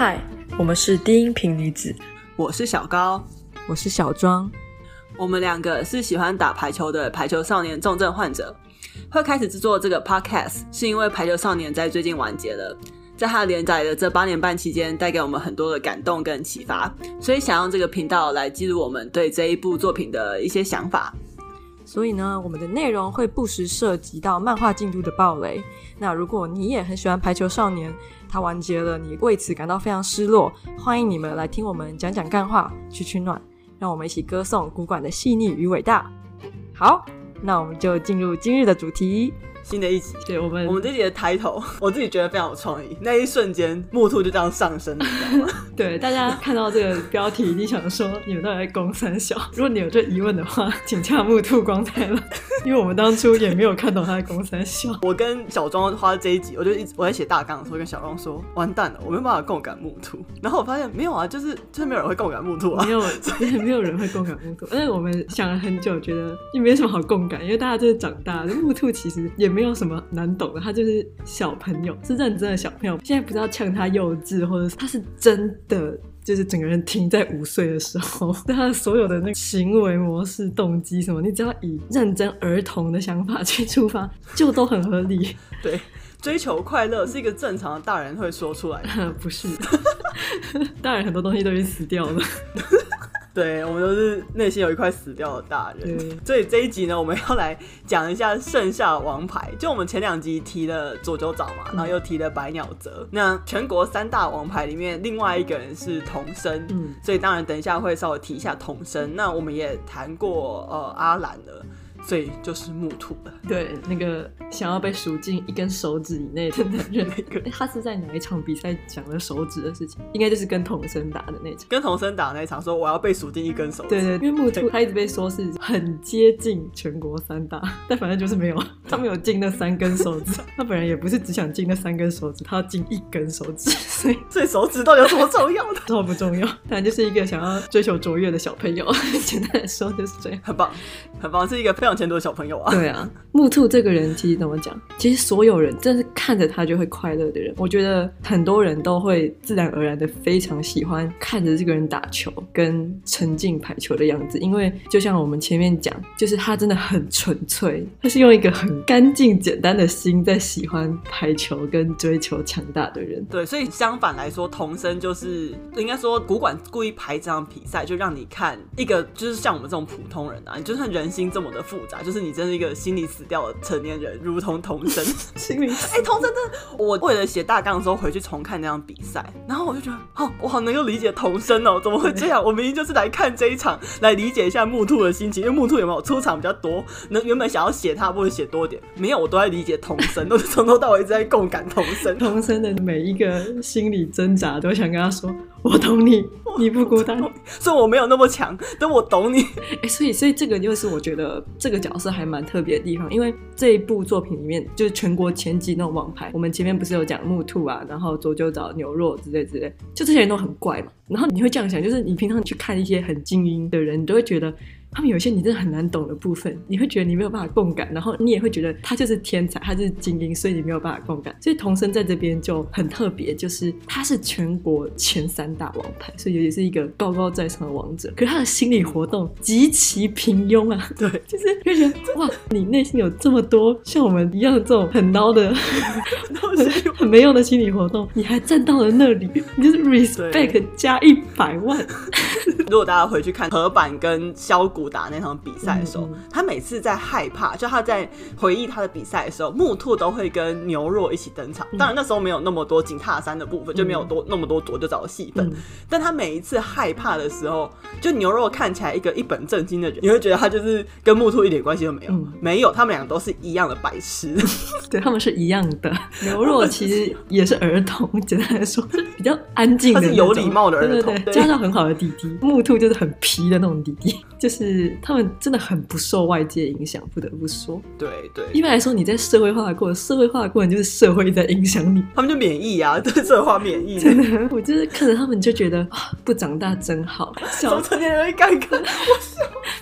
嗨，Hi, 我們是低音頻女子，我是小高，我是小莊，我們兩個是喜歡打排球的排球少年重症患者。會開始制作這個 podcast 是因為《排球少年》在最近完結了，在他連載的這八年半期間，帶給我們很多的感動跟啟發，所以想用這個頻道來記錄我們對這一部作品的一些想法。所以呢，我們的內容會不時涉及到漫畫進度的暴雷。那如果你也很喜歡《排球少年》，它完結了你，你為此感到非常失落，歡迎你們來聽我們講講幹話，取取暖，讓我們一起歌頌古館的細膩與偉大。好，那我們就進入今日的主題。新的一集，對，我們我們這集的 title，我自己覺得非常有創意。那一瞬間，木兔就這樣上升你知道嗎 對，大家看到這個標題， 你想說你們到底在攻三小？如果你有這疑問的話，請恰木兔光太郎， 因為我們當初也沒有看懂他在攻三小。 對 我跟小莊花這一集，我就一直我在寫大綱的時候跟小莊說：“完蛋了，我沒有辦法共感木兔。”然後我發現沒有啊，就是就沒有人會共感木兔啊，沒有以沒有人會共感木兔。 而且我們想了很久，覺得也沒什麼好共感，因為大家就是長大，木兔其實也。也沒有什麼難懂的，他就是小朋友，是認真的小朋友。現在不知道嗆他幼稚，或者是他是真的，就是整個人停在五歲的時候，對他的所有的那個行為模式、動機什麼，你只要以認真兒童的想法去出發，就都很合理。對，追求快樂是一個正常的大人會說出來的， 不是？ 大人很多東西都已經死掉了。 對我們都是內心有一塊死掉的大人，嗯、所以這一集呢，我們要來講一下剩下的王牌。就我們前兩集提了佐久早嘛，然後又提了白鳥澤。那全國三大王牌裡面，另外一個人是桐生，嗯、所以當然等一下會稍微提一下桐生。那我們也談過呃阿蘭的。所以就是木兔了。對，那個想要被數進一根手指以內的任何一個，他是在哪一場比賽講了手指的事情？應該就是跟桐生打的那一場。跟桐生打的那一場，說我要被數進一根手指。對對，因為木兔對他一直被說是很接近全國三大，但反正就是沒有，他沒有進那三根手指。對他本來也不是只想進那三根手指，他要進一根手指，所以所以手指到底有什麼重要的？都對不重要，當然就是一個想要追求卓越的小朋友。簡單來說就是這樣，很棒，很棒，是一個比較。上千多小朋友啊，對啊，木兔這個人其實怎麼講？其實所有人真是看着他就會快樂的人，我覺得很多人都會自然而然的非常喜歡看着這個人打球跟沉浸排球的樣子，因為就像我們前面講，就是他真的很純粹，他是用一個很乾淨簡單的心在喜歡排球跟追求強大的人。對，所以相反來說，桐生就是應該說古舘故意排這場比賽，就讓你看一個就是像我們這種普通人啊，你就算人心這麼的複。複雜，就是你真是一個心理死掉的成年人，如同桐生。 心哎、欸，桐生真的我為了寫大綱的時候回去重看那場比賽，然後我就覺得，哦，我好能夠理解桐生哦，怎麼會這樣？對我明明就是來看這一場，來理解一下木兔的心情，因為木兔有沒有出場比較多？能原本想要寫他或者寫多點，沒有，我都在理解桐生，我從 頭到尾一直在共感桐生，桐生的每一個心理掙扎都想跟他說。我懂你，你不孤單，所以我沒有那麼強，但我懂你。哎、欸，所以，所以這個就是我覺得這個角色還蠻特別的地方，因為這一部作品裡面就是全國前幾那種王牌，我們前面不是有講木兔啊，然後佐久早、牛肉之類之類，就這些人都很怪嘛。然後你會這樣想，就是你平常去看一些很精英的人，你都會覺得。他們有一些你真的很難懂的部分，你會覺得你沒有辦法共感，然後你也會覺得他就是天才，他就是精英，所以你沒有辦法共感。所以桐生在這邊就很特別，就是他是全國前三大王牌，所以也是一個高高在上的王者。可是他的心理活動極其平庸啊，對，就是就覺得哇，的你內心有這麼多像我們一樣的這種很孬的 東西很、很沒用的心理活動，你還站到了那裡，你就是 respect 加一百萬。 如果大家回去看河板跟蕭骨，打那場比賽的時候，嗯嗯、他每次在害怕，就他在回憶他的比賽的時候，木兔都會跟牛若一起登場。嗯、當然那時候沒有那麼多井闥山的部分，就沒有多、嗯、那麼多佐久早的戲份。嗯、但他每一次害怕的時候，就牛若看起來一個一本正經的人，你會覺得他就是跟木兔一點關係都沒有。嗯、沒有，他們兩個都是一樣的白痴。對，他們是一樣的。 牛若其實也是兒童，簡單來說，是比較安靜的，他是有禮貌的，兒童，對，對，對，家教很好的弟弟。對木兔就是很皮的那種弟弟，就是。是他們真的很不受外界影響，不得不說。對對，一般來說，你在社會化的過程，社會化的過程就是社會在影響你。他們就免疫啊，對社會化免疫。真的，我就是看着他們就覺得、哦，不長大真好。小時候成年會感慨，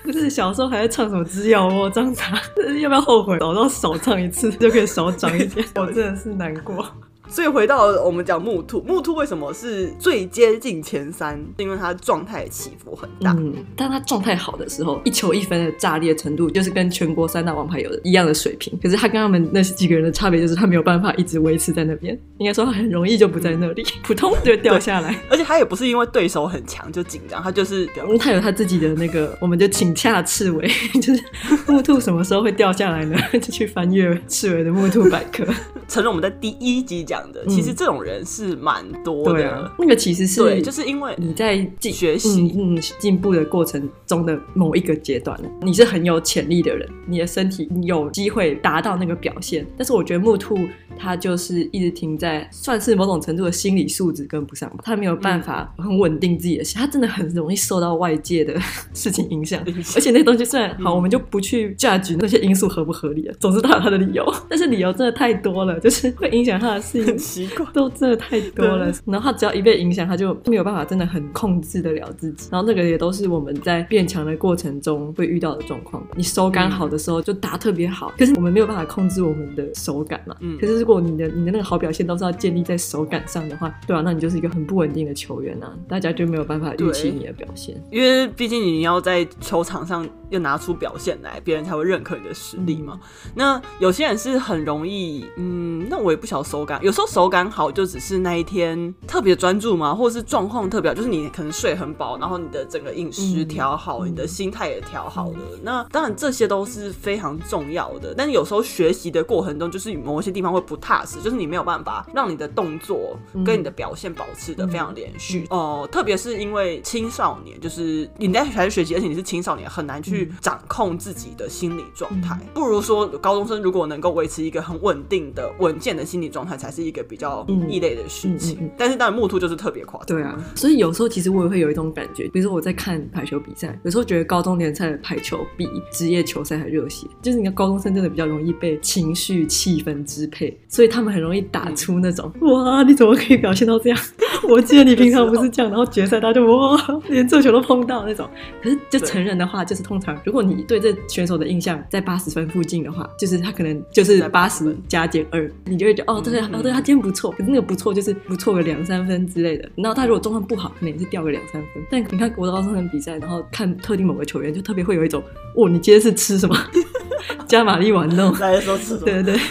不是小時候還在唱什麼之“只要我長大”，就是、要不要後悔？早知道少唱一次就可以少長一點， 我真的是難過。所以回到我們講木兔，木兔為什麼是最接近前三？是因為他狀態起伏很大。嗯，當他狀態好的時候，一球一分的炸裂程度，就是跟全國三大王牌有一樣的水平。可是他跟他們那幾個人的差別，就是他沒有辦法一直維持在那邊。應該說他很容易就不在那裡，撲、嗯、通就掉下來。而且他也不是因為對手很強就緊張，他就是他有他自己的那個，我們就請洽赤葦，就是木兔什麼時候會掉下來呢？就去翻閱赤葦的木兔百科。成了我們的第一集講。其實這種人是蠻多的，嗯對啊、那個其實是對，就是因為你在進學習、嗯，嗯進步的過程中的某一個階段，你是很有潛力的人，你的身體有機會達到那個表現，但是我覺得木兔他就是一直停在，算是某種程度的心理素質跟不上，他沒有辦法很穩定自己的心，他真的很容易受到外界的事情影響。而且那東西雖然好，嗯、我們就不去 judge 那些因素合不合理了，總之他有他的理由，但是理由真的太多了，就是會影響他的事情。很奇怪， 都真的太多了。然後他只要一被影響，他就沒有辦法，真的很控制得了自己。然後那個也都是我們在變強的過程中會遇到的狀況。你手感好的時候就打特別好，可是我們沒有辦法控制我們的手感嘛。嗯。可是如果你的你的那個好表現都是要建立在手感上的話，對啊，那你就是一個很不穩定的球員啊。大家就沒有辦法預期你的表現，因為畢竟你要在球場上。要拿出表現來，別人才會認可你的實力嘛。那有些人是很容易，嗯，那我也不曉得手感。有時候手感好，就只是那一天特別專注嘛，或者是狀況特別好，就是你可能睡很飽，然後你的整個飲食調好，你的心態也調好了。那當然這些都是非常重要的，但是有時候學習的過程中，就是某些地方會不踏實，就是你沒有辦法讓你的動作跟你的表現保持的非常連續。哦、呃，特別是因為青少年，就是你在還是學習，而且你是青少年，很難去。去掌控自己的心理狀態，嗯、不如說高中生如果能夠維持一個很穩定的、穩健的心理狀態，才是一個比較異類的事情。嗯嗯嗯嗯、但是當然，木兔就是特別誇張。對啊，所以有時候其實我也會有一種感覺，比如說我在看排球比賽，有時候覺得高中聯賽的排球比職業球賽還熱血。就是你的高中生真的比較容易被情緒、氣氛支配，所以他們很容易打出那種“嗯、哇，你怎麼可以表現到這樣？”我記得你平常不是這樣， 然後決賽他就哇，連這球都碰到那種。可是就成人的話，對就是通常。如果你對這選手的印象在八十分附近的話，就是他可能就是八十加減二，2, 你就會覺得哦，對哦，對,哦對他今天不錯，可是那個不錯就是不錯個兩三分之類的。然後他如果狀態不好，可能也是掉個兩三分。但你看國高中生比賽，然後看特定某個球員，就特別會有一種哦，你今天是吃什麼加瑪麗玩弄？ 來的時候吃什麼？對對對，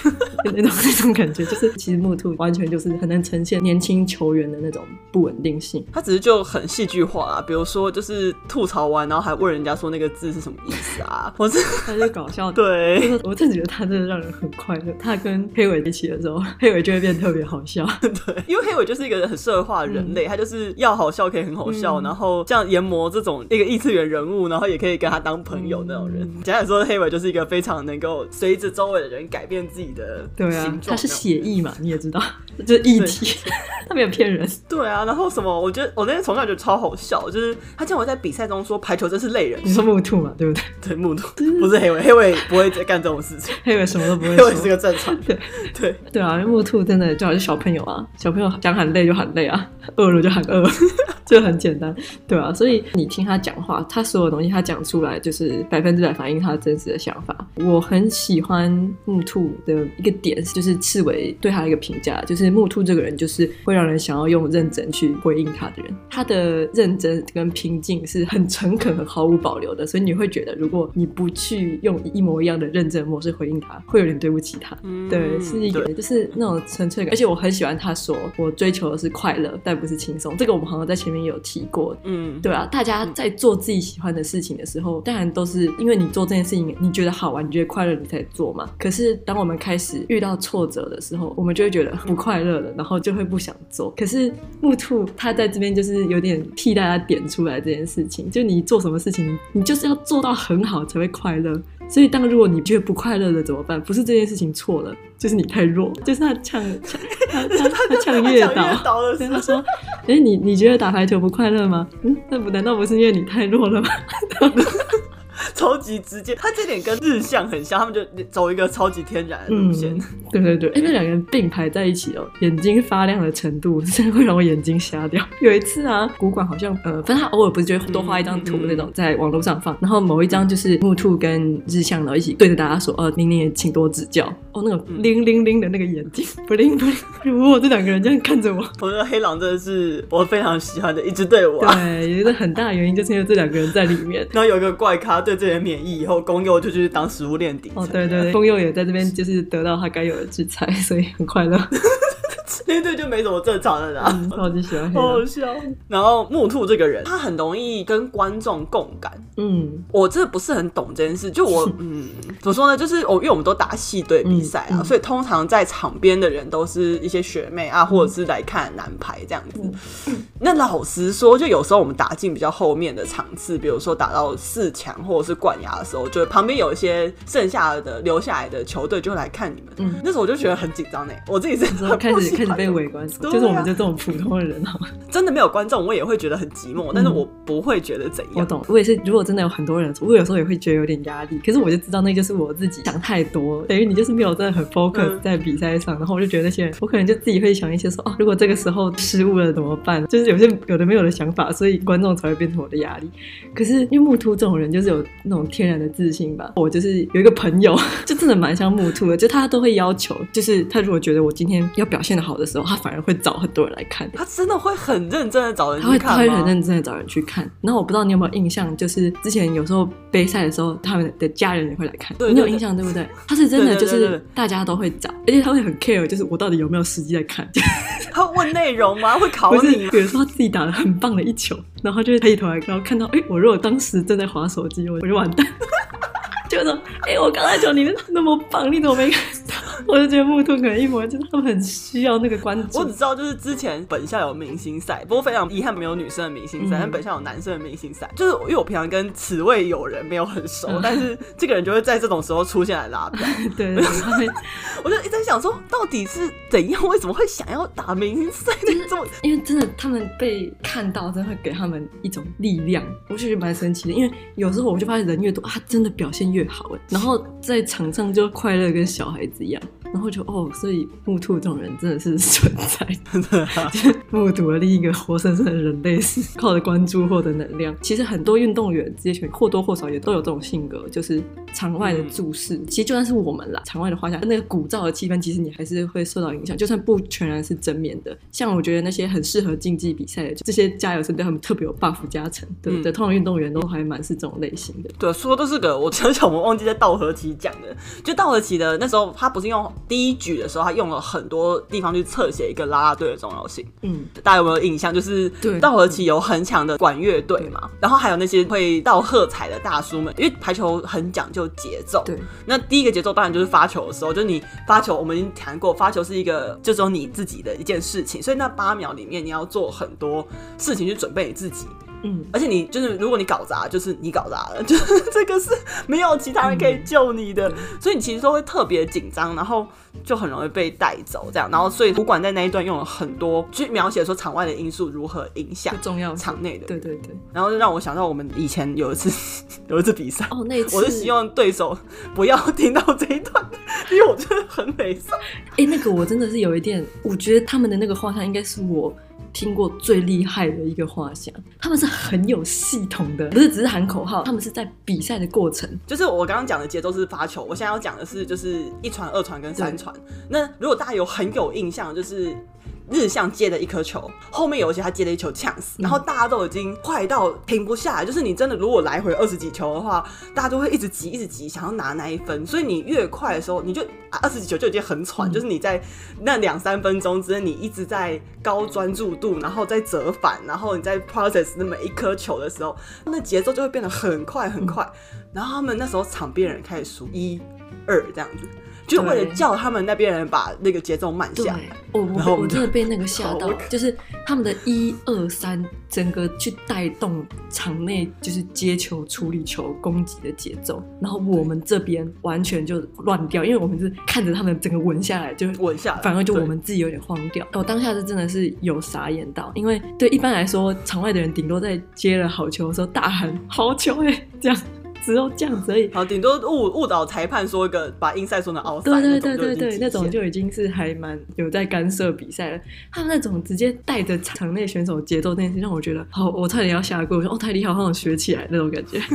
那種那種感覺，就是其實木兔完全就是很能呈現年輕球員的那種不穩定性，他只是就很戲劇化。啊，比如說，就是吐槽完，然後還問人家說那個字是什。什麼意思啊？我是他就是搞笑的，對，我真的覺得他真的讓人很快樂。他跟黑尾一起的時候，黑尾就會變得特別好笑。對，因為黑尾就是一個人很社會化的人類，他就是要好笑可以很好笑，然後像研磨這種一個異次元人物，然後也可以跟他當朋友那種人。想想說，黑尾就是一個非常能夠隨着周圍的人改變自己的對啊，他是液體嘛，你也知道，就是液體，他沒有騙人。對啊，然後什麼？我覺得我那天從小覺得超好笑，就是他這樣會在比賽中說排球真是累人，你說木兔嗎？對不對？對，木兔不是黑尾，對黑尾不會再幹這種事情。黑尾什麼都不會，黑尾是個正常。對對對啊，因為木兔真的就好像小朋友啊，小朋友想喊累就喊累啊，餓了就喊餓， 就很簡單，對啊，所以你聽他講話，他所有東西他講出來就是百分之百反映他真實的想法。我很喜歡木兔的一個點，就是赤葦對他的一個評價，就是木兔這個人就是會讓人想要用認真去回應他的人，他的認真跟平靜是很誠懇和毫無保留的，所以你會。覺得如果你不去用一模一樣的認真模式回應他，會有點對不起他。嗯、對，是一個對就是那種純粹感，而且我很喜歡他說我追求的是快樂，但不是輕鬆。這個我們好像在前面也有提過，嗯，對啊，大家在做自己喜歡的事情的時候，當然都是因為你做這件事情你覺得好玩，你覺得快樂，你才做嘛。可是當我們開始遇到挫折的時候，我們就會覺得不快樂了，嗯、然後就會不想做。可是木兔他在這邊就是有點替大家點出來這件事情，就你做什麼事情，你就是要做。做到很好才會快樂，所以，當如果你覺得不快樂了怎麼辦？不是這件事情錯了，就是你太弱，就是他嗆、嗆，他嗆月島，然後 他，他說：“哎、欸，你你覺得打排球不快樂嗎？嗯，那不難道不是因為你太弱了嗎？” 超級直接，他這點跟日向很像，他們就走一個超級天然的路線。嗯、對對對，因、欸、為兩個人並排在一起哦，眼睛發亮的程度真的會讓我眼睛瞎掉。有一次啊，古館好像呃，反正他偶爾不是就會多畫一張圖那種，嗯、在網絡上放，然後某一張就是木兔跟日向然後一起對着大家說：“哦，妮妮也請多指教。”哦，那個“鈴鈴鈴”的那個眼睛，不靈不靈。如果這兩個人這樣看着我，我覺得黑狼真的是我非常喜歡的一支隊伍。對，有一個很大的原因就是因為這兩個人在裡面，然後有一個怪咖。對這些免疫以後，公佑就去當食物鏈底層。哦，對對對，公佑也在這邊，就是得到他該有的制裁，所以很快樂。 那隊就沒什麼正常的啦、啊嗯，超級喜歡，好，好笑。然後木兔這個人，他很容易跟觀眾共感。嗯，我這不是很懂這件事，就我哼嗯，怎麼說呢？就是我因為我們都打系隊比賽啊，嗯嗯，所以通常在場邊的人都是一些學妹啊，嗯、或者是來看男排這樣子。嗯嗯、那老實說，就有時候我們打進比較後面的場次，比如說打到四強或者是冠亞的時候，就旁邊有一些剩下的留下來的球隊就會來看你們。嗯，那時候我就覺得很緊張呢，我，我自己甚至開始。 開始被圍觀，啊、就是我們這這種普通的人嗎、喔？真的沒有觀眾，我也會覺得很寂寞。但是我不會覺得怎樣。嗯、我懂。我也是，如果真的有很多人，我有時候也會覺得有點壓力。可是我就知道，那就是我自己想太多。等於你就是沒有真的很 focus 在比賽上，嗯、然後我就覺得那些人，我可能就自己會想一些說，哦、啊，如果這個時候失誤了怎麼辦？就是有些有的沒有的想法，所以觀眾才會變成我的壓力。可是因為木兔這種人，就是有那種天然的自信吧。我就是有一個朋友，就真的蠻像木兔的，就他都會要求，就是他如果覺得我今天要表現的好。好的時候，他反而會找很多人來看，他真的會很認真的找人去看。他會他會很認真的找人去看。然後我不知道你有沒有印象，就是之前有時候杯賽的時候，他們的，的家人也會來看。對對對，你有印象對不對？他是真的就是大家都會找，而且他會很 care，就是我到底有沒有實際在看。他會問內容嗎？會考你是？比如說他自己打的很棒的一球，然後就抬起頭來，然後看到，哎、欸，我如果當時正在滑手機，我就完蛋。 就說哎、欸，我剛才球你那麼棒，你怎麼沒看到？我就覺得木兔可能一模，就是他們很需要那個關注。我只知道就是之前本校有明星賽，不過非常遺憾沒有女生的明星賽，嗯、但本校有男生的明星賽。就是因為我平常跟此位友人沒有很熟，啊、但是這個人就會在這種時候出現來拉票。對， 我就一直在想說，到底是怎樣？為什麼會想要打明星賽？嗯、種因為真的他們被看到，真的會給他們一種力量。我就覺得蠻神奇的，因為有時候我就發現人越多啊，他真的表現越好。然後在場上就快樂跟小孩子一樣。然後就哦，所以木兔這種人真的是存在 的、啊，就是目睹了另一個活生生的人類是靠着關注獲得能量。其實很多運動員這些或多或少也都有這種性格，就是場外的注視。對其實就算是我們啦，場外的畫像，那個鼓噪的氣氛，其實你還是會受到影響。就算不全然是正面的，像我覺得那些很適合競技比賽的就這些加油聲，對他們特別有 buff 加成，對對？嗯、通常運動員都還蠻是這種類型的。對，說都是個我想想，我忘記在稻荷崎講了的，就稻荷崎的那時候他不是用。第一局的時候，他用了很多地方去側寫一個啦啦隊的重要性。嗯，大家有沒有印象？就是，稻荷崎有很強的管樂隊嘛，然後還有那些會道喝彩的大叔們，因為排球很講究節奏。對，那第一個節奏當然就是發球的時候，就是，你發球，我們談過發球是一個這種你自己的一件事情，所以那八秒裡面你要做很多事情去準備你自己。嗯，而且你就是，如果你搞砸，就是你搞砸了，就是這個是沒有其他人可以救你的，嗯、所以你其實都會特別緊張，然後就很容易被帶走這樣，然後所以不管在那一段用了很多去描寫說場外的因素如何影響重要場內的，對對對，然後就讓我想到我們以前有一次有一次比賽。哦，那一次我是希望對手不要聽到這一段，因為我真的很悲傷。哎、欸，那個我真的是有一點，我覺得他們的那個畫像應該是我。聽過最厲害的一個畫像，他們是很有系統的，不是只是喊口號，他們是在比賽的過程，就是我剛剛講的節奏是發球。我現在要講的是就是一傳、二傳跟三傳。對那如果大家有很有印象，就是。日向接的一顆球，後面有一些他接的一球嗆死，然後大家都已經快到停不下來，嗯、就是你真的如果來回二十幾球的話，大家都會一直急一直急，想要拿那一分，所以你越快的時候，你就、啊、二十幾球就已經很喘，嗯、就是你在那兩三分鐘之內，你一直在高專注度，然後再折返，然後你在 process 那麼一顆球的時候，那節奏就會變得很快很快，嗯、然後他們那時候場邊人開始數一二這樣子。就為了叫他們那邊人把那個節奏慢下來，對，我我我真的被那個嚇到， 就是他們的一二三整個去帶動場內，就是接球、處理球、攻擊的節奏，然後我們這邊完全就亂掉，對因為我們是看着他們整個穩下來就穩下，反而就我們自己有點慌掉。對我當下是真的是有傻眼到，因為對一般來說場外的人頂多在接了好球的時候大喊“好球”耶，這樣。時候這樣子而已，所以好，頂多誤誤導裁判說，一個把英賽說成澳賽。那，對對對對對，那種，那種就已經是還蠻有在干涉比賽了。他們那種直接帶着場內選手節奏，那件事讓我覺得，好，我差點要下跪，我說哦太厲害，好好學起來那種感覺。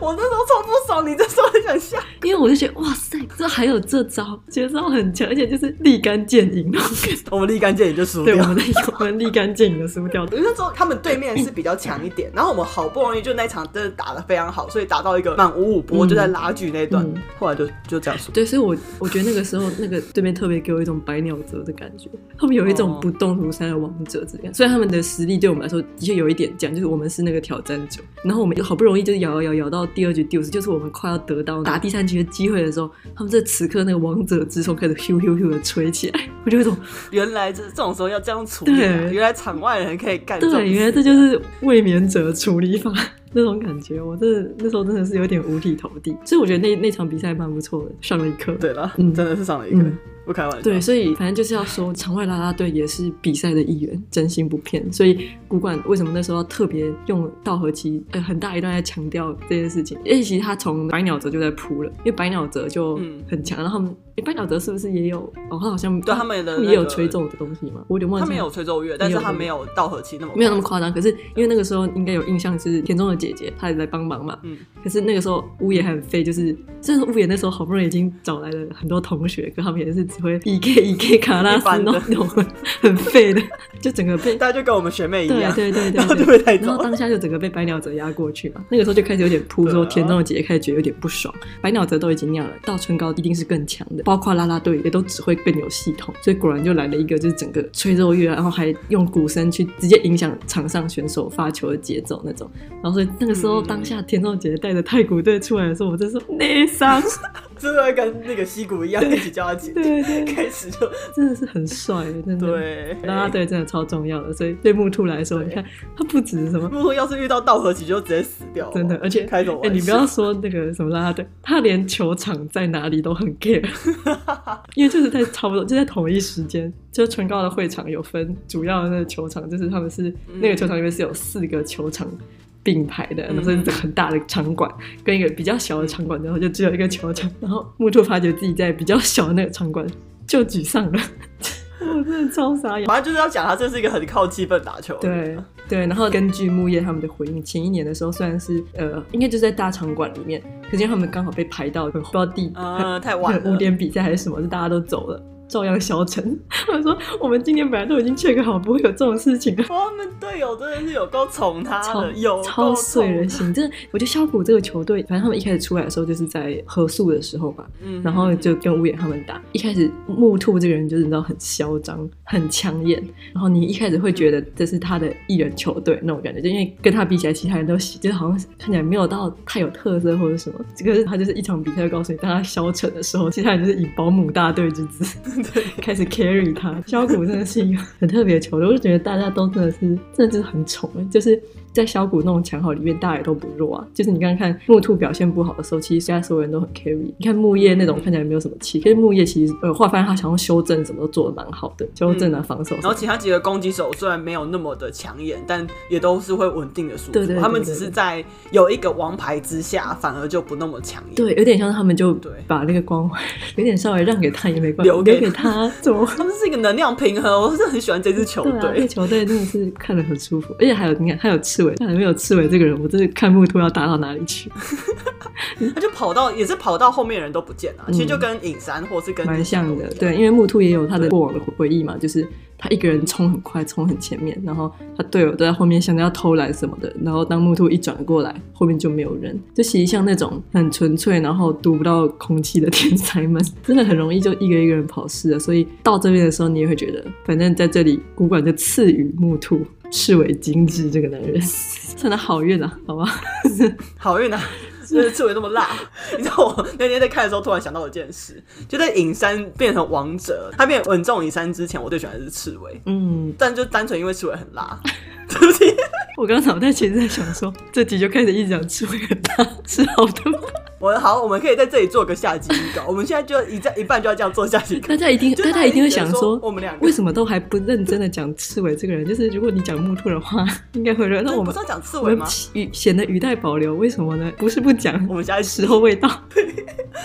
我我那時候超不爽，你這時候很想下，因為我就覺得哇塞，這還有這招，節奏很強，而且就是立竿見影。 我們立竿見影就輸掉了，對，我們立我們立竿見影的輸掉。因為那時候他們對面是比較強一點，嗯嗯、然後我們好不容易就那場真的打得非常好。所以打到一個滿五五波，嗯、就在拉鋸那段，嗯、後來就就這樣說。對，所以我我覺得那個時候， 那個對面特別給我一種白鳥澤的感覺，他們有一種不動如山的王者之感。雖然、哦、他們的實力對我們來說，的確有一點強，就是我們是那個挑戰者。然後我們好不容易就是咬咬咬咬到第二局丟，就是我們快要得到打第三局的機會的時候，他們在此刻那個王者之風開始咻、咻咻咻的吹起來，我就有種原來就是這種時候要這樣處理、啊，對原來場外人可以幹、啊，對，原來這就是衛冕者的處理法。那種感覺，我真的那時候真的是有點五體投地，所以我覺得那那場比賽蠻不錯的，上了一課。對啦，嗯，真的是上了一課，嗯、不開玩笑。對，所以反正就是要說，場外拉拉隊也是比賽的一員，真心不騙。所以古舘為什麼那時候要特別用稻荷崎？呃，很大一段在強調這件事情，因為其實他從白鳥澤就在鋪了，因為白鳥澤就很強，嗯、然後他們。白鳥澤是不是也有？哦，他好像對他們的也有吹奏的東西嗎？我有點忘記他沒有吹奏樂，但是他沒有稻荷崎那麼，沒有那麼誇張。可是因為那個時候應該有印象是田中的姐姐，她也在幫忙嘛。可是那個時候烏野很廢，就是雖然說烏野那時候好不容易已經找來了很多同學，可他們也是只會一 ke 一 ke 卡拉斯諾的，很廢的，就整個被大家就跟我們學妹一樣，對對對，然後當下就整個被白鳥澤壓過去嘛。那個時候就開始有點鋪說田中的姐姐開始覺得有點不爽，白鳥澤都已經那樣了，到春高一定是更強的。包括啦啦隊也都只會更有系統，所以果然就來了一個，就是整個吹奏樂，然後還用鼓聲去直接影響場上選手發球的節奏那種。然後所以那個時候當下田中姐姐帶着太鼓隊出來的時候，我就說內傷。嗯 真的跟那個西谷一樣一起叫他姐姐，開始就真的是很帥的，真的。對拉拉隊真的超重要的，所以對木兔來說，對你看他不止什麼木兔，要是遇到稻荷崎就直接死掉，真的。而且開頭哎、欸，你不要說那個什麼拉拉隊，他連球場在哪裡都很 care， 因為就是在差不多就在同一時間，就春高的會場有分主要的那個球場，就是他們是，嗯，那個球場裡面是有四個球場。並排的，然後是很大的場館，跟一個比較小的場館，然後就只有一個球場。然後木兔發覺自己在比較小的那個場館就沮喪了，我 哦、真的超傻眼。反正就是要講他，這是一個很靠氣氛打球。對對，然後根據木葉他們的回應，前一年的時候雖然是呃，應該就是在大場館裡面，可是他們剛好被排到不知道第呃，太晚五點比賽還是什麼，就大家都走了。照樣消沉。他們說：“我們今天本來都已經 check 好，不會有這種事情了。”我們隊友真的是有夠寵他，超他，有超碎人心。真的，我覺得梟谷這個球隊，反正他們一開始出來的時候就是在合宿的時候吧，嗯哼，然後就跟烏野他們打。一開始木兔這個人就是你知道很囂張、很搶眼，然後你一開始會覺得這是他的一人球隊那種感覺，就因為跟他比起來，其他人都喜，就是好像看起來沒有到太有特色或者什麼。可是他就是一場比賽告訴你，當他消沉的時候，其他人就是以保姆大隊之姿。對開始 carry 他，梟谷真的是一個很特別的球隊， 我就覺得大家都真的是，真的就是很寵耶，就是。在小谷那種強豪裡面，大家也都不弱啊。就是你剛剛看木兔表現不好的時候，其實現在所有人都很 carry。你看木葉那種看起來沒有什麼氣，嗯、可是木葉其實呃，後來發現他想要修正什麼都做得蠻好的，修正的、啊嗯、防守。然後其他幾個攻擊手雖然沒有那麼的搶眼，但也都是會穩定的輸出。對對，對，對對。他們只是在有一個王牌之下，反而就不那麼搶眼。對，有點像是他們就對把那個光環。有點稍微讓給他也沒關係，留給，留給他。怎麼？他們是一個能量平衡。我是很喜歡這支球隊，啊、這球隊真的是看得很舒服。而且還有你看，還有。赤葦，還沒有赤葦這個人，我真的看木兔要打到哪裡去。 他就跑到，也是跑到後面，人都不見了、啊。嗯、其實就跟影山或是跟蠻像的，對，因為木兔也有他的過往的回憶嘛，對就是他一個人衝很快，衝很前面，然後他隊友都在後面想着要偷懶什麼的。然後當木兔一轉過來，後面就沒有人，就其實像那種很純粹，然後讀不到空氣的天才們，真的很容易就一個一個人跑失了。所以到這邊的時候，你也會覺得，反正在這裡，古舘就賜予木兔。赤葦京治，這個男人真的好運啊，好不好運啊？赤葦是赤葦這麼辣，你知道我那天在看的時候，突然想到一件事，就在影山變成王者，他變穩重影山之前，我最喜歡的是赤葦，嗯，但就單純因為赤葦很辣， 對不對，我剛剛躺在前面在想說，這集就開始一直講赤葦很大，吃好多。 我好，我們可以在這裡做個下集預告。 我們現在就一在一半就要這樣做下集。大家一定，大家一定會想說， 我們兩個為什麼都還不認真的講刺蝟這個人？就是如果你講木兔的話， 應該會說，那我們是講刺蝟嗎？語顯得語帶保留，為什麼呢？不是不講，我們現在時候未到。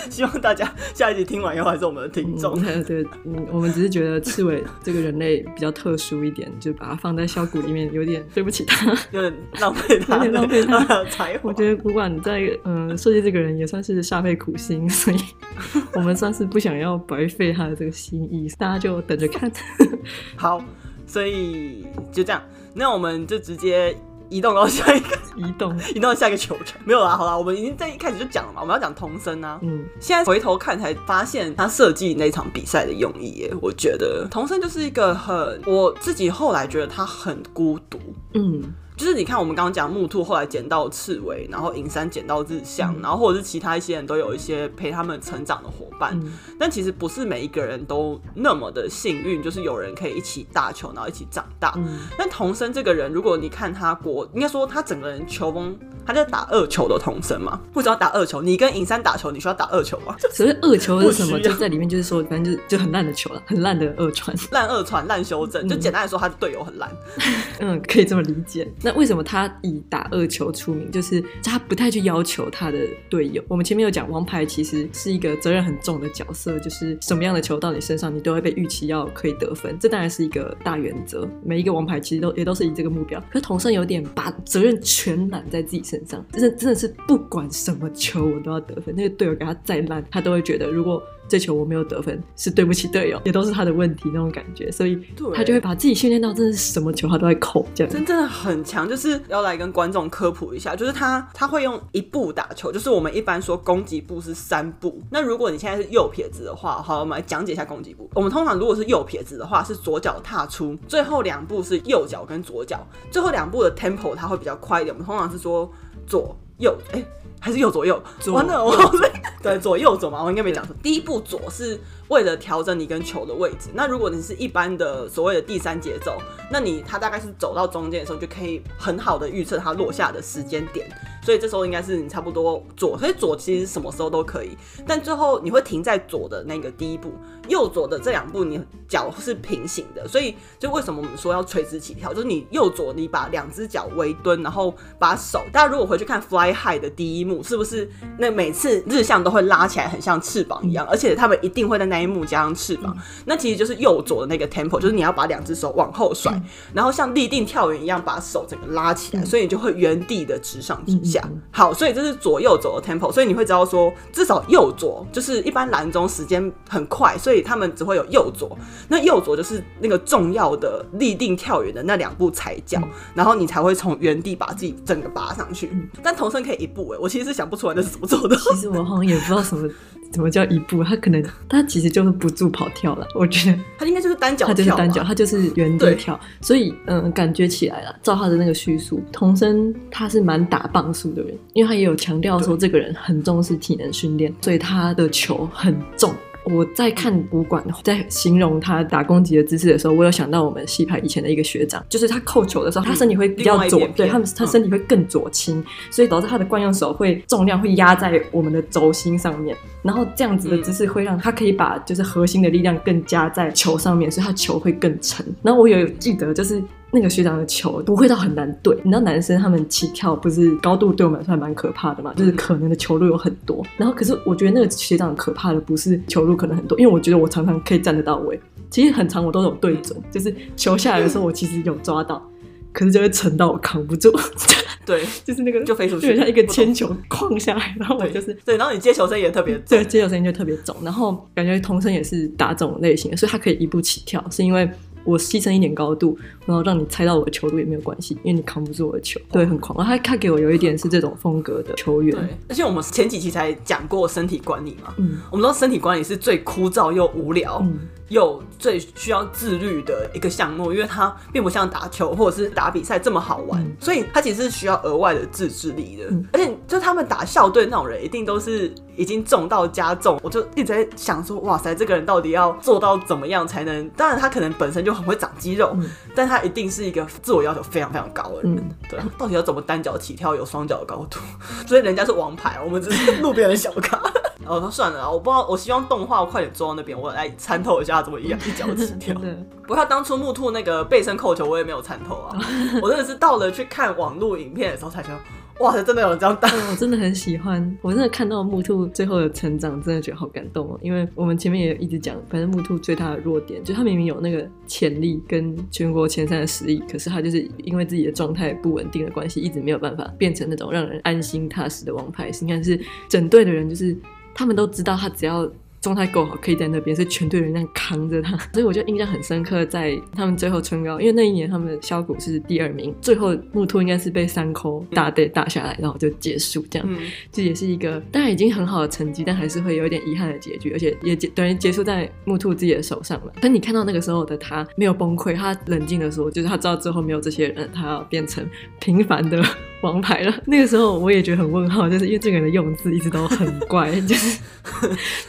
希望大家下一集聽完以後還是我們的聽眾、嗯。對，嗯，我們只是覺得刺蝟這個人類比較特殊一點，就把它放在小骨裡面，有點對不起他，有點浪費他，浪費他的 才華。我覺得，不管你在嗯設計這個人也。也算是煞費苦心，所以我們算是不想要白費他的這個心意， 大家就等着看好。所以就這樣，那我們就直接移動到下一個， 移動移動到下一個球場。沒有啦，好啦，我們已經在一開始就講了嘛，我們要講桐生啊。嗯，現在回頭看才發現他設計那場比賽的用意耶。我覺得桐生就是一個很，我自己後來覺得他很孤獨。嗯。就是你看，我們剛剛講木兔，後來撿到赤葦，然後影山撿到日向，嗯、然後或者是其他一些人都有一些陪他們成長的夥伴。嗯、但其實不是每一個人都那麼的幸運，就是有人可以一起打球，然後一起長大。嗯、但桐生這個人，如果你看他國，應該說他整個人球風，他在打二球的桐生嘛，不知道打二球，你跟影山打球，你需要打二球啊。所謂二球是什麼？就在裡面就是說，反正就就很爛的球了，很爛的二傳，爛二傳，爛修正。就簡單來說，他的隊友很爛。嗯， 嗯，可以這麼理解。那為什麼他以打二球出名？就是他不太去要求他的隊友。我們前面有講，王牌其實是一個責任很重的角色，就是什麼樣的球到你身上，你都會被預期要可以得分。這當然是一個大原則，每一個王牌其實都也都是以這個目標。可是桐生有點把責任全攬在自己身上，真的真的是不管什麼球我都要得分，那個隊友給他再爛，他都會覺得如果。這球我沒有得分，是對不起隊友，也都是他的問題那種感覺，所以他就會把自己訓練到真的是什麼球他都在扣這樣，對真正的很強。就是要來跟觀眾科普一下，就是他他會用一步打球，就是我們一般說攻擊步是三步。那如果你現在是右撇子的話，好，我們來講解一下攻擊步。我們通常如果是右撇子的話，是左腳踏出，最後兩步是右腳跟左腳，最後兩步的 tempo 它會比較快一點。我們通常是說左右，哎。還是右左右，左完了，我累，對左右左嘛，我應該沒講錯。第一步左是。為了調整你跟球的位置，那如果你是一般的所謂的第三節奏，那你他大概是走到中間的時候就可以很好的預測它落下的時間點，所以這時候應該是你差不多左，所以左其實什麼時候都可以，但最後你會停在左的那個第一步，右左的這兩步你腳是平行的，所以就為什麼我們說要垂直起跳，就是你右左你把兩隻腳微蹲，然後把手，大家如果回去看《Fly High》的第一幕，是不是那每次日向都會拉起來很像翅膀一樣，而且他們一定會在那。木兔加上翅膀，嗯、那其實就是右左的那個 tempo，就是你要把兩隻手往後甩，嗯、然後像立定跳遠一樣把手整個拉起來，所以你就會原地的直上直下。嗯嗯好，所以這是左右走的 tempo，所以你會知道說至少右左就是一般欄中時間很快，所以他們只會有右左。那右左就是那個重要的立定跳遠的那兩步踩腳，嗯、然後你才會從原地把自己整個拔上去。嗯嗯，但桐生可以一步哎，我其實是想不出來那是怎麼做的。其實我好像也不知道什麼 怎麼叫一步，他可能他其實。就是不助跑跳了，我覺得他應該就是單腳跳，他就是單腳，他就是原地跳，對所以嗯，感覺起來了。照他的那個敘述，桐生他是蠻打棒數的人，因為他也有強調說這個人很重視體能訓練，所以他的球很重。我在看武館，在形容他打攻擊的姿勢的時候，我有想到我們系排以前的一個學長，就是他扣球的時候，他身體會比較左，對他們，他身體會更左傾，所以導致他的慣用手會重量會壓在我們的軸心上面，然後這樣子的姿勢會讓他可以把就是核心的力量更加在球上面，所以他球會更沉。然後我有記得就是。那個學長的球不會到很難，對，你知道男生他們起跳不是高度，對我們來說還蠻可怕的嘛，就是可能的球路有很多。然後，可是我覺得那個學長可怕的不是球路可能很多，因為我覺得我常常可以站得到位，其實很常我都有對準，就是球下來的時候我其實有抓到，嗯、可是就會沉到我扛不住。 對，就是那個就飛出去，就像一個鉛球框下來，懂然後我就是對，然後你接球聲音也特別重、嗯對，接球聲音就特別重，然後感覺桐生也是打這種類型的，所以他可以一步起跳，是因為。我犧牲一點高度，然後讓你猜到我的球度也沒有關係，因為你扛不住我的球，哦、對，很狂。然後他他給我有一點是這種風格的球員，呵呵而且我們前幾期才講過身體管理嘛，嗯，我們知道身體管理是最枯燥又無聊。嗯有最需要自律的一個項目，因為他並不像打球或者是打比賽這麼好玩，嗯、所以他其實是需要額外的自制力的。嗯、而且，就他們打校隊那種人，一定都是已經重到加重。我就一直在想說，哇塞，這個人到底要做到怎麼樣才能？當然，他可能本身就很會長肌肉，嗯、但他一定是一個自我要求非常非常高的人。嗯、對，他到底要怎麼單腳起跳有雙腳的高度？嗯、所以人家是王牌，我們只是路邊的小咖。 我說、哦，算了，我不知道，我希望動畫快點裝到那邊，我來參透一下怎麼樣一腳起跳。 對不過他當初木兔那個背身扣球，我也沒有參透啊。 我真的是到了去看網絡影片的時候才知道，哇塞，他真的有人這樣打，嗯，我真的很喜歡。我真的看到木兔最後的成長，真的覺得好感動，哦。因為我們前面也一直講，反正木兔最大的弱點就是他明明有那個潛力跟全國前三的實力，可是他就是因為自己的狀態不穩定的關係，一直沒有辦法變成那種讓人安心踏實的王牌。你看，是整隊的人就是。他們都知道，他只要。狀態夠好，可以在那邊是全隊人這樣扛着他，所以我就印象很深刻，在他們最後春高，因為那一年他們梟谷是第二名，最後木兔應該是被三扣大隊打下來，然後就結束這樣，這、嗯、也是一個當然已經很好的成績，但還是會有一點遺憾的結局，而且也結等於結束在木兔自己的手上了。但你看到那個時候的他沒有崩潰，他冷靜的時候，就是他知道最後沒有這些人，他要變成平凡的王牌了。那個時候我也覺得很問號，就是因為這個人的用字一直都很怪， 就是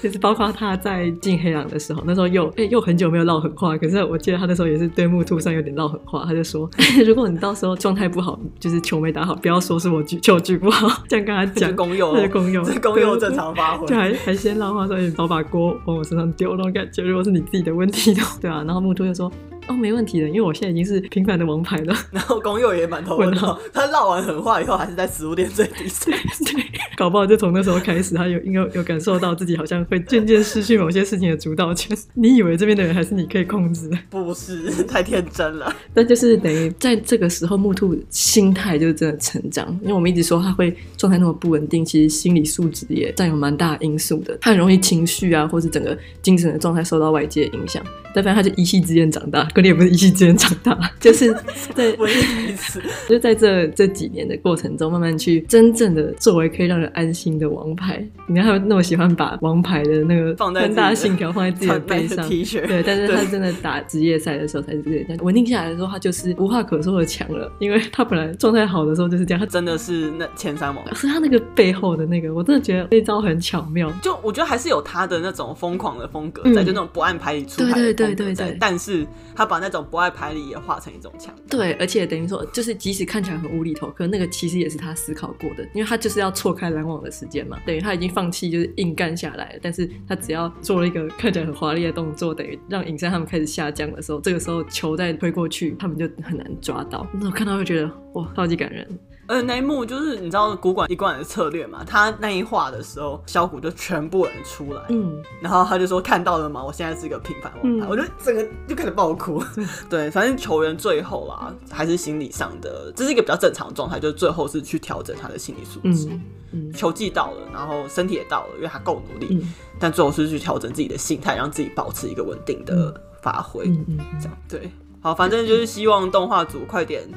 就是包括。然後、啊、他在進黑狼的時候，那時候又哎、欸、又很久沒有嘮狠話，可是我記得他那時候也是對木兔上有點嘮狠話，他就說：“呵呵如果你到時候狀態不好，就是球沒打好，不要說是我舉球舉不好。”這樣跟他講。他宮侑他宮侑是宮侑是宮侑正常發揮，還還先嘮話說：“你早把鍋往我身上丟那種感覺。”如果是你自己的問題的，對啊。然後木兔又說：“哦，沒問題的，因為我現在已經是平凡的王牌了。”然後宮侑也滿頭問號，號他嘮完狠話以後，還是在食物鏈最底層對。對搞不好就從那時候開始，他有應該有，有感受到自己好像會漸漸失去某些事情的主導權。你以為這邊的人還是你可以控制的？不是，太天真了。那就是等於在這個時候，木兔心態就是真的成長。因為我們一直說他會狀態那麼不穩定，其實心理素質也占有蠻大的因素的。他很容易情緒啊，或是整個精神的狀態受到外界影響。但反正他就一夕之間長大，可你也不是一夕之間長大，就是在，對，我也是 就在這這幾年的過程中，慢慢去真正的作為可以讓人。安心的王牌，你看他那麼喜歡把王牌的那個三大信條放在自己的背上，T 恤對，但是他真的打職業賽的時候才是這樣，穩對定下來的時候，他就是無話可說的強了，因為他本來狀態好的時候就是這樣，他真的是那前三王。可是他那個背後的那個，我真的覺得那招很巧妙，就我覺得還是有他的那種瘋狂的風格在，嗯，就那種不按牌理出牌對，對，對，對，對，對。但是他把那種不按牌理也化成一種強，對，而且等於說就是即使看起來很無厘頭，可那個其實也是他思考過的，因為他就是要錯開了。攔網的時間嘛，等於他已經放棄，就是硬幹下來了。但是他只要做了一個看起來很華麗的動作，等於讓影山他們開始下降的時候，這個時候球再推過去，他們就很難抓到。那我看到會覺得哇，超級感人。呃，而且那一幕就是你知道古舘一貫的策略嘛？他那一話的時候，小古就全部人出來，嗯，然後他就說：“看到了嗎？我現在是一個平凡王牌。嗯”我就整個就開始爆哭。 對，反正球員最後啦，嗯、還是心理上的，這是一個比較正常的狀態，就是、最後是去調整他的心理素質、嗯。嗯，球技到了，然後身體也到了，因為他夠努力，嗯、但最後是去調整自己的心態，讓自己保持一個穩定的發揮。嗯，嗯這樣對，好，反正就是希望動畫組快點。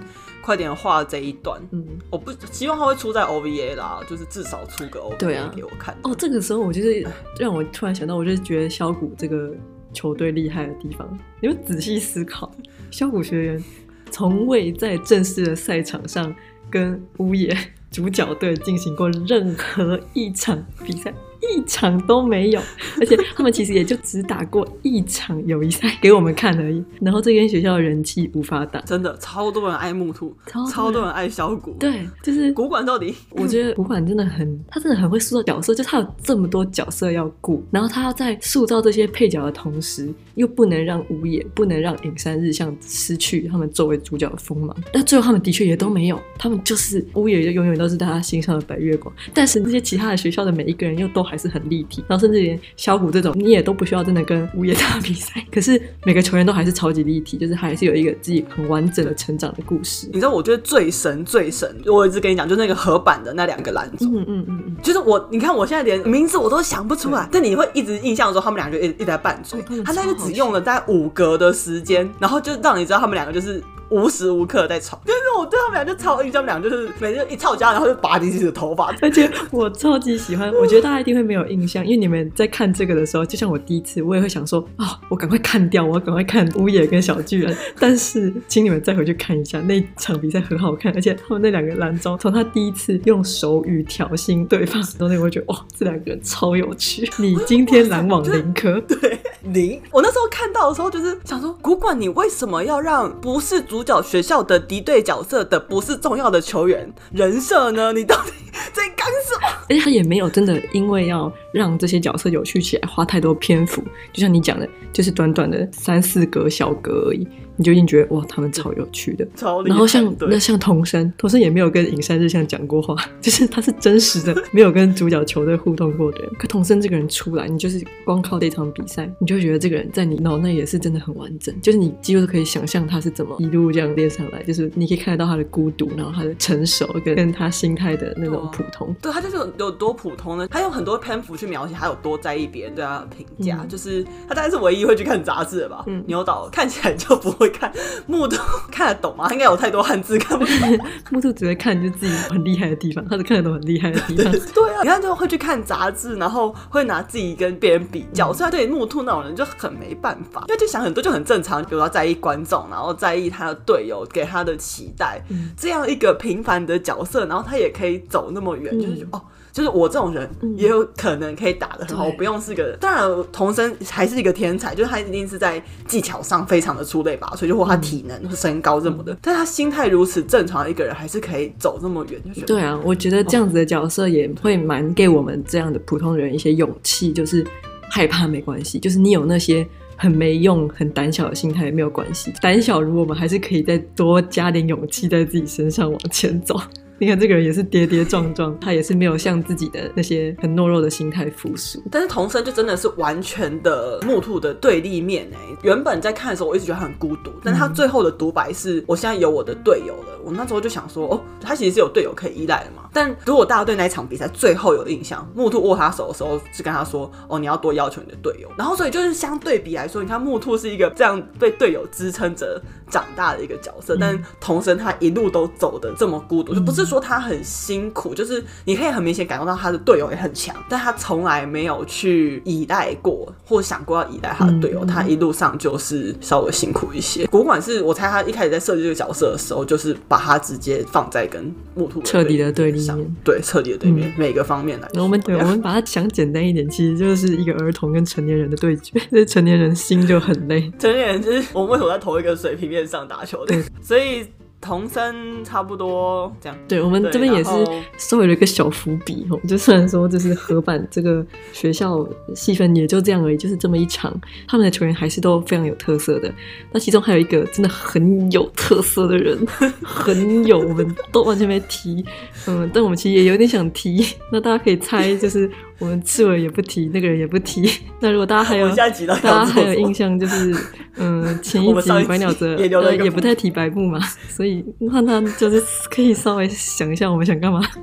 快點畫這一段，嗯，我不希望他會出在 OVA 啦，就是至少出個 OVA、啊、給我看。哦，這個時候我就是讓我突然想到，我就覺得梟谷這個球隊厲害的地方，你們仔細思考，梟谷學園從未在正式的賽場上跟烏野主角隊進行過任何一場比賽。一場都沒有，而且他們其實也就只打過一場友誼賽給我們看而已。然後這間學校的人氣無法打，真的超多人愛木兔，超多,超多人愛小谷。對，就是古館到底，我,我覺得古館真的很，他真的很會塑造角色，就是、他有這麼多角色要顧，然後他要在塑造這些配角的同時，又不能讓烏野，不能讓影山日向失去他們作為主角的鋒芒。但最後他們的確也都沒有，嗯、他們就是烏野，就永遠都是在他心上的白月光。但是那些其他的學校的每一個人，又都。還是很立體，然後甚至連梟谷這種你也都不需要真的跟烏野打比賽，可是每個球員都還是超級立體，就是還是有一個自己很完整的成長的故事。你知道，我覺得最神最神，我一直跟你講，就是、那個合版的那兩個藍子、嗯。嗯嗯嗯嗯，嗯就是我，你看我現在連名字我都想不出來，對但你會一直印象說他們兩個一直一直在拌嘴，哦、他那個只用了大概五格的時間，然後就讓你知道他們兩個就是。無時無刻在吵，就是我對他們倆就超有印象，他們倆就是每次一吵架，然後就拔自己的頭髮。而且我超級喜歡，我覺得大家一定會沒有印象， 因為你們在看這個的時候，就像我第一次，我也會想說啊、哦，我趕快看掉，我要趕快看《烏野》跟《小巨人》。 但是，請你們再回去看一下那一場比賽，很好看，而且他們那兩個攔中，從他第一次用手語挑釁對方時，我就會覺得哇、哦，這兩個人超有趣。 你今天攔網零顆、， 就是、對零，我那時候看到的時候，就是想說，古舘你為什麼要讓不是主？主角學校的敵對角色的不是重要的球員人設呢？你到底在幹什麼？而且他也沒有真的因為要讓這些角色有趣起來花太多篇幅，就像你講的，就是短短的三四格小格而已。你就已經覺得哇，他們超有趣的，超，然後像對那像桐生，桐生也沒有跟影山日向講過話，就是他是真實的， 沒有跟主角球隊互動過的人。可桐生這個人出來，你就是光靠這場比賽，你就會覺得這個人，在你腦內也是真的很完整，就是你幾乎都可以想象他是怎麼一路這樣練上來，就是你可以看得到他的孤獨，然後他的成熟跟跟他心態的那種普通。對。啊、對，他就是有，有多普通呢？他有很多篇幅去描寫他有多在意別人對他的評價，嗯、就是他大概是唯一會去看雜誌的吧。牛、嗯、島看起來就不會。看木兔看得懂嗎？他應該有太多漢字看不懂。 木兔只會看，就是，自己很厲害的地方，他是看得懂很厲害的地方。 對， 對啊，你看就會去看雜誌，然後會拿自己跟別人比較，嗯、所以他對木兔那種人就很沒辦法。因為就想很多就很正常，比如說在意觀眾，然後在意他的隊友給他的期待，嗯、這樣一個平凡的角色，然後他也可以走那麼遠，嗯、就是就哦。就是我這種人也有可能可以打得很好，嗯、我不用是個人。當然，桐生還是一個天才，就是他一定是在技巧上非常的出類拔萃，所以就或他體能、嗯、身高這麼的。嗯、但他心態如此正常，一個人還是可以走這麼遠。對啊，我覺得這樣子的角色也會蠻給我們這樣的普通人一些勇氣，就是害怕沒關係，就是你有那些很沒用、很膽小的心態也沒有關係。膽小如我們還是可以再多加點勇氣在自己身上往前走。你看，這個人也是跌跌撞撞，他也是沒有向自己的那些很懦弱的心態服輸。但是桐生就真的是完全的木兔的對立面誒、欸。原本在看的時候我一直覺得他很孤獨，但他最後的獨白是：“我現在有我的隊友了。”我那時候就想說，哦，他其實是有隊友可以依賴的嘛。但如果大家對那一場比賽最後有印象，木兔握他手的時候是跟他說，哦，你要多要求你的隊友。然後所以就是相對比來說，你看木兔是一個這樣被隊友支撐着長大的一個角色，但桐生他一路都走的這麼孤獨，就不是說他很辛苦，就是你可以很明顯感受到他的隊友也很強，但他從來沒有去依賴過，或想過要依賴他的隊友。他一路上就是稍微辛苦一些。儘管是我猜他一開始在設計這個角色的時候，就是把他直接放在跟木兔徹底的對立面，對，徹底的對面。嗯、每個方面來。我們我們把它想簡單一點，其實就是一個兒童跟成年人的對決。那成年人心就很累， 成年人就是我們為什麼在同一個水平面上打球的？對所以。同聲差不多這樣，對。我們這邊也是稍微有了一個小伏筆吼，就雖然說就是河板這個學校戲份也就這樣而已，就是這麼一場，他們的球員還是都非常有特色的。那其中還有一個真的很有特色的人，很有，我們都完全沒提，嗯，但我們其實也有點想提，那大家可以猜就是。 我們刺猬也不提那個人也不提，那如果大家還有 大家還有印象就是，嗯、呃，前一集白鳥澤 也、呃、也不太提白布嘛，所以那他就是可以稍微想一下我們想幹嘛。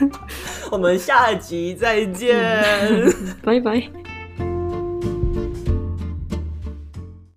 我們下集再見， 拜拜。